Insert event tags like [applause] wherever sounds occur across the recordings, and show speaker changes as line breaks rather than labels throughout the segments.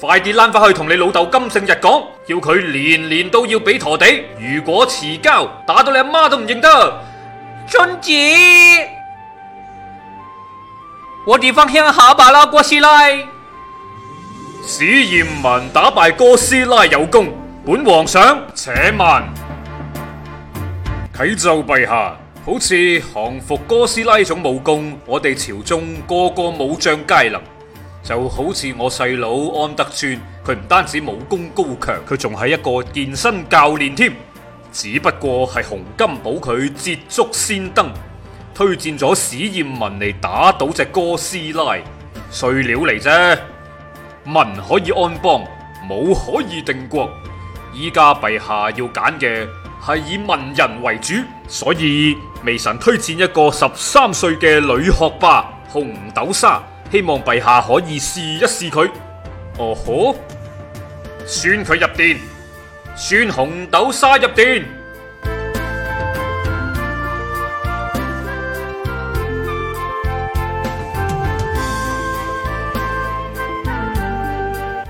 快啲攋翻去同你老豆金勝日講，要佢年年都要俾陀地，如果遲交，打到你阿媽都唔認得。遵旨，我哋返鄉下吧啦哥斯拉。史艷文打敗哥斯拉有功，本皇上。且慢。啟奏陛下，好似降服哥斯拉種武功，我哋朝中個個武將皆能。就好似我細佬安德川，佢唔單止武功高強，佢仲係一個健身教練添。只不過係洪金寶佢捷足先登，推薦咗史艷文嚟打倒隻哥斯拉，碎料嚟啫。文可以安邦，武可以定國。依家陛下要揀嘅係以文人為主，所以微臣推薦一個十三歲嘅女學霸紅豆沙。希望陛下可以試一試佢。哦，好，選佢入殿，選紅豆沙入殿。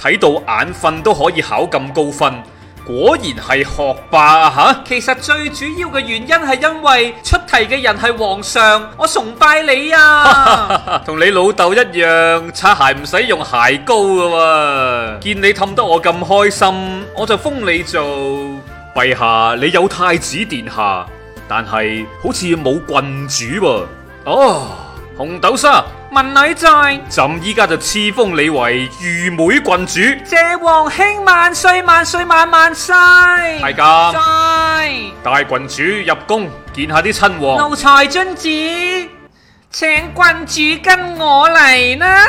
睇到眼瞓都可以考咁高分，果然係學霸啊！吓，
其實最主要嘅原因係因為出題嘅人係皇上，我崇拜你啊！
同 [laughs] 你老豆一樣，擦鞋唔使用，用鞋膏噶喎。見你氹得我咁開心，我就封你做陛下。你有太子殿下，但係好似冇郡主喎，啊。哦，紅豆沙。文女在，朕依家就賜封你為御妹郡主。
謝王兄萬歲萬歲萬萬歲！係噶家，在
帶郡主入宮見下啲親王。奴
才遵旨，請郡主跟我嚟啦。